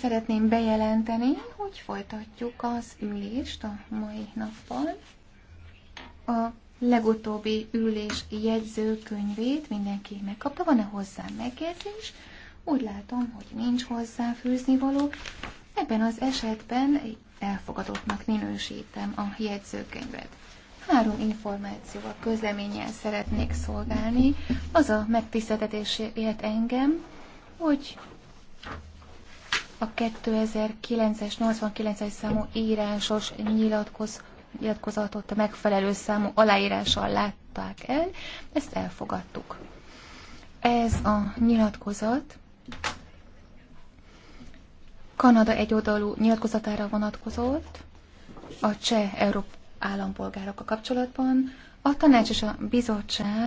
Szeretném bejelenteni, hogy folytatjuk az ülést a mai nappal. A legutóbbi ülés jegyzőkönyvét mindenki megkapta. Van-e hozzá megjegyzés? Úgy látom, hogy nincs hozzá fűzni való. Ebben az esetben elfogadottnak minősítem a jegyzőkönyvet három információval, közleménnyel szeretnék szolgálni. Az a megtiszteltetés ért engem, hogy a 2009-es, 89-es számú írásos nyilatkoz, nyilatkozatot a megfelelő számú aláírással látták el, ezt elfogadtuk. Ez a nyilatkozat Kanada egyodalú nyilatkozatára vonatkozott, a cseh Európa állampolgárok a kapcsolatban. A tanács és a bizottság